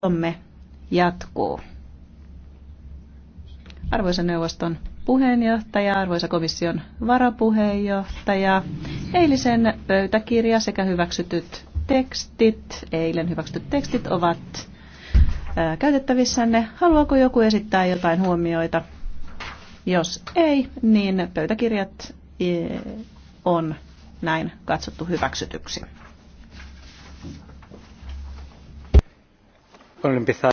Tomme jatkuu. Arvoisa neuvoston puheenjohtaja, arvoisa komission varapuheenjohtaja, eilisen pöytäkirja sekä hyväksytyt tekstit, eilen hyväksytyt tekstit ovat käytettävissänne. Haluaako joku esittää jotain huomioita? Jos ei, niin pöytäkirjat on näin katsottu hyväksytyksi. empezar.